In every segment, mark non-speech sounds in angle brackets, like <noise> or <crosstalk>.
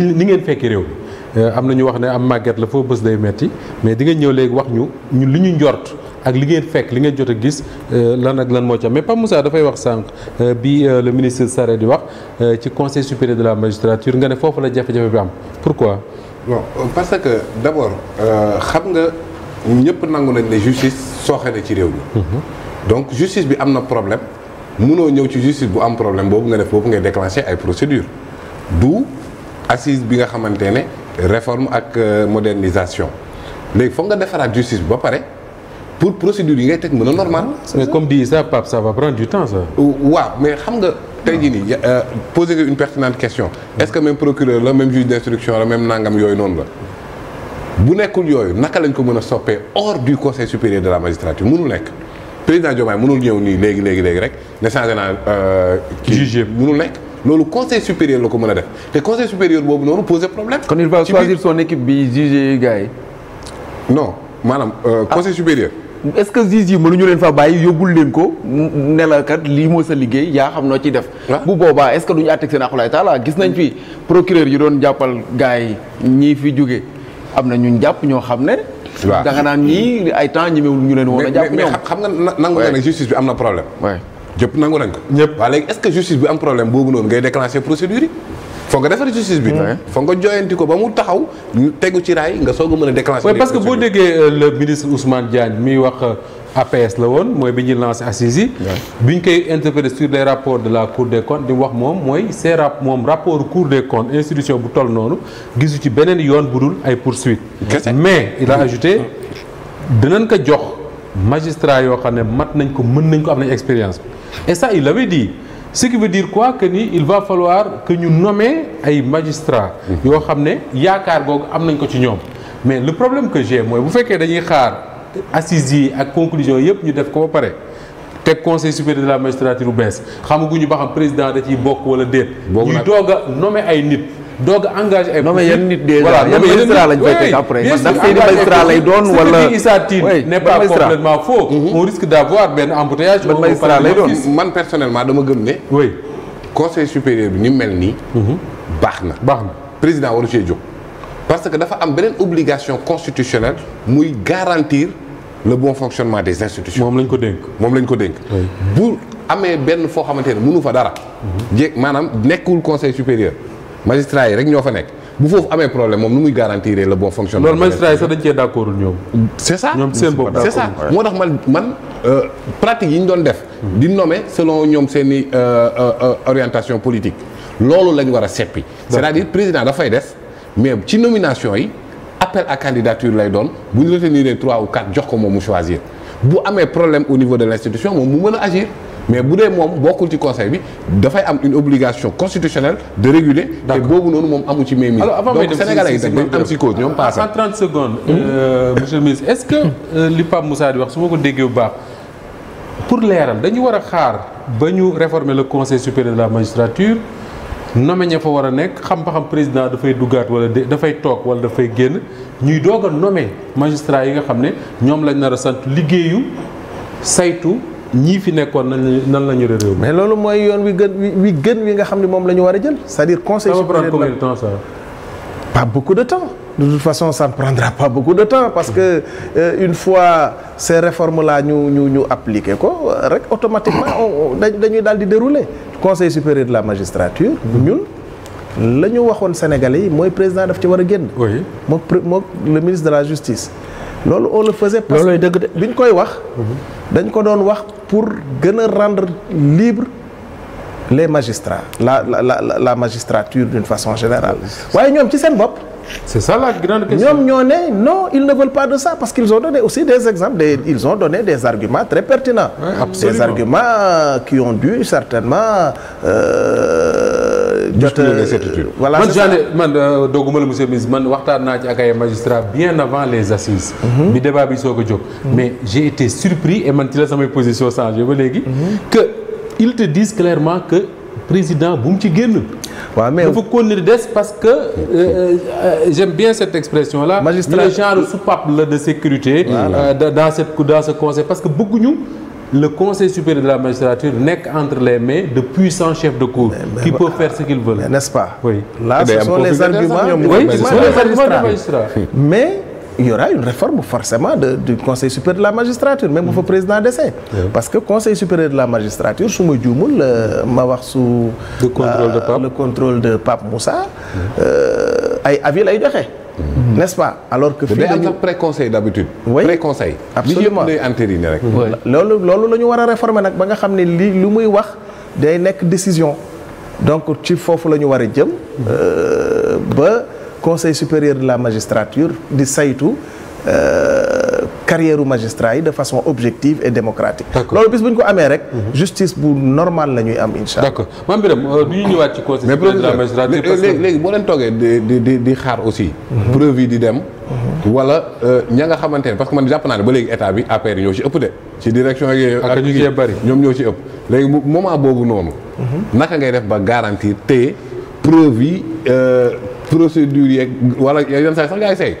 ni ngeen fekkee réew mi euh, am na ñu wax ne am màgget la foo bës day metti mais di nga ñëw léegi wax ñu ñun li ñu njort ak li ngeen fekk li ngeen jot a gis euh, lan ak lan moo ci mais Pape Moussa dafay wax sànq euh, bi le ministre Sarré di wax ci conseil supérieur de la magistrature nga ne foofu la jafe-jafe bi am pourquoi. bon parce que d' abord xam nga ñëpp nangu nañ ne justice soo na ci réew mi. Mhm. donc justice bi am na problème munoo ñëw ci justice bu am problème boobu nga def boobu ngay déclenché ay procédures du. assise bi nga xamante ne réforme ak euh, modernisation léegi foog nga defaraat justice bi ba pare pour procédure yi ngay teg mën a normal. Ah, mais comme dit ça Pape ça va prendre du temps ça. waaw mais xam nga. tey jii nii euh, posé nga une pertinente question. est-ce que même procureur la même juge d'instruction la même nangam yooyu noonu la. bu nekkul yooyu naka lañ ko mën a soppee hors du conseil supérieur de la magistrature mënul nekk président Diomaye mënul ñëw nii léegi léegi léegi rek ne changé naa. Euh, kii juge mënul nekk. loolu conseil supérieur la ko mën a def te conseil supérieur boobu noonu poser problème. kon il va choisir son équipe bi juger gars yi. no maanaam euh, ah. conseil supérieur. est-ce que juge yi ñu leen fa bàyyi yóbbul leen ko ne la kat lii moo sa liggéey yaa xam noo ci def. Ah. bu boobaa est-ce que duñu àtteeg seen akulaay taalaa gis nañ fi procureur yi doon jàppal gars yi ñii fi jóge am na ñun jàpp ñoo xam ne. waaw da nga naan ñii ay temps ñemewul ñu leen woon a. xam nga nangu nga ne bi am na problème. jëpp nangu nañ ko. ñëpp waaw léegi est-ce que justice bi am problème boobu noonu ngay déclencher procédure yi. foog nga defar justice bi. foog joyanti ko ba mu taxaw tegu ci raay nga soog a mën a déclencher. parce que boo déggee euh, le ministre Ousmane Diagne miy wax euh, APS la woon mooy bi ñuy lancé assise yi. bi ñu koy interpellé sur les rapports de la cour des comptes di wax moom mooy ces rap moom rapport cour des comptes institution bu toll noonu gisu ci beneen yoon bu dul ay poursuites. mais il a mm. ajouté mm. dinañ ko jox. magistrat yoo xam ne mat nañ ko mën nañ ko am nañ expérience et ça il avait dit ce qui veut dire quoi que ni il va falloir que ñu nomee ay magistrats. yoo xam ne yaakaar googu am nañ ko ci ñoom mais le problème que j'ai mooy bu fekkee dañuy xaar assises yi ak conclusion yëpp ñu def ko pare teg conseil supérieur de la magistrature bu bees xamaguñu ba xam président da ciy bokk wala déet ñuy doog a nommer ay nit doog a engagé ay. non yenn nit déjà voilà lañ fay teg après. ndax seeni magistrat lay doon wala. ce que dit Issa Tine n'est pas complètement faux. Mhm. on risque d'avoir lay doon man personnellement dama gëm ne. oui conseil supérieur bi ni mel nii. Mhm. baax na baax na président waru cee jóg. parce que dafa am beneen obligation constitutionnelle muy garantir le bon fonctionnement des institutions. moom lañ ko dénk moom lañ ko dénk. bu amee benn foo xamante ne mënu fa dara. Mhm. jéeg maanaam nekkul conseil supérieur. magistrats yi rek ñoo fa nekk bu foofu amee problème moom nu muy garantir la bon fonctionnement. loolu magistrats yi sax dañ cee ñoom. c' ça seen bopp d' accord c' est ça moo tax man euh, pratique yi ñu doon def. di nommer selon ñoom seen i euh, euh, orientation politique loolu lañ war a seppi. c' est à dire président dafay def mais ci nomination yi appel à candidature lay doon bu ñu retenir trois ou quatre jox ko moom mu choisir bu amee problème au niveau de l' institution moom mu mën a agir. mais bu dee moom bokkul ci conseil bi dafay am une obligation constitutionnelle de réguler. te boobu noonu moom amu ci même. alors avant donc sénégalais yi dañ am si cause ñoom paase. en 30 hmm? euh, ministre est-ce que euh, li Pape Moussa di wax su ma ko déggee bu baax pour leeral dañu war a xaar ba ñu réformer le conseil supérieur la magistrature. nommé ña fa war a nekk xam ba xam président dafay duggaat wala dafay toog wala dafay génn ñuy doog a nommé magistrat yi nga xam ne ñoom lañ nar a sant liggéeyu saytu. ñii fi nekkoon nan nan la ñu réew mais loolu mooy yoon wi gën wi gën wi nga xam ne moom la ñu war a jël c'est-à-dire conseil supérieur combien de temps ça pas de temps façon ça ne prendra temps parce que euh, une fois ces réformes là ñu ñu ñu appliqué ko rek automatiquement dañuy daal di dérouler conseil supérieur de la magistrature ñun la ñu waxoon sénégalais yi mooy président daf ci war a génn mook mook le ministre de la justice loolu on le faisait parce que dëgg de bi ñu koy wax dañu ko doon wax pour gën a rendre libre les magistrats la la la la magistrature d'une façon générale waaye ñoom ci seen bopp c'est ça ñoo ne non ils ne veulent pas de ça parce qu'ils ont donné aussi des exemples des ils ont donné des arguments très pertinents ouais, des arguments qui ont dû certainement euh, Euh, jot euh, voilà man j'en ai man euh, dooguma la monsieur ministre man waxtaan naa ci ak ay magistrats bien avant les assises mhm. bi débat bi soog a jóg mhm. mais j'ai été surpris et man ci la samay position changé ba léegi mhm. que ils te disent clairement que président bu mu ci génn waaw mais dafa continuer des parce que euh, j'aime bien cette expression là magistrat genre soupape la de sécurité voilà. euh, dans cette dans ce conseil parce que bëgguñu le conseil supérieur de la magistrature nekk entre les mains de puissants chefs de cour mais, qui mais, peuvent faire ce qu'ils veulent. n'est-ce pas oui. là eh ce sont les arguments oui, ce sont les arguments des magistrats mais il y aura une réforme forcément de, du conseil supérieur de la magistrature même bu fa mm. président dese eh parce que conseil supérieur de la magistrature su ma juumul euh, ma wax su le contrôle de euh, Pape le contrôle de Pape Moussa mm. euh, ay avis lay joxe n'est-ce pas alors que. fii dañu day am préconseil d'habitude. oui préconseil. absolument loolu loolu la ñu war a réformer nag ba nga xam ne li lu muy wax day nekk décision donc ci foofu la ñu war a jëm. Euh, ba conseil supérieur de la magistrature di saytu. Euh, carrière magistrat yi de façon objective et démocratique loolu bis bu ñu ko amee rek mhm. justice bu normal la am insha allah d'accord Mame Birame du euh, ñu ñëwaat ci conseil di dem mhm. wala euh, ña nga ne parce que man jàpp naa ne ba léegi état bi APR ñoo ci ëpp de ci direction yi ak ñu cee bari ñoom ñoo ci ëpp léegi moment boobu noonu mhm. naka ngay def ba garantir téye preuve yi euh, procédure yeeg wala yenn saa sax ngay say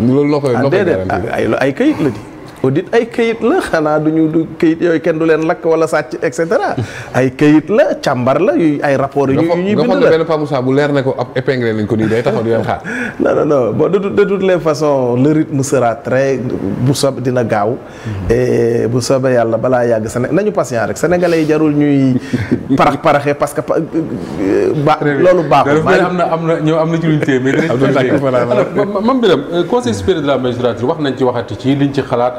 loolu loo koy loo ah, koy garanti ah, ay kayit la di. audit ay kayit la xanaa du ñu du kayit yooyu kenn du leen lakk wala sàcc et ay kayit la càmbar la yu ay rapport yu ñuy bind la nga foog ne benn Pa Moussa bu leer na ko ab épinglé nañ ko nii day taxaw di leen xaar <laughs> non non non bon de de toutes bu sob dina gaaw mhm. bu soobee yàlla balaa yàgg Séné nañu patient rek sénégalais jarul ñuy <laughs> parax paraxee parce que euh, ba loolu baaxul am na am na ñoo am na ci luñ téye mais dinañ mam biram euh, conseil supérieur de la wax nañ ci waxati ci liñ ci xalaat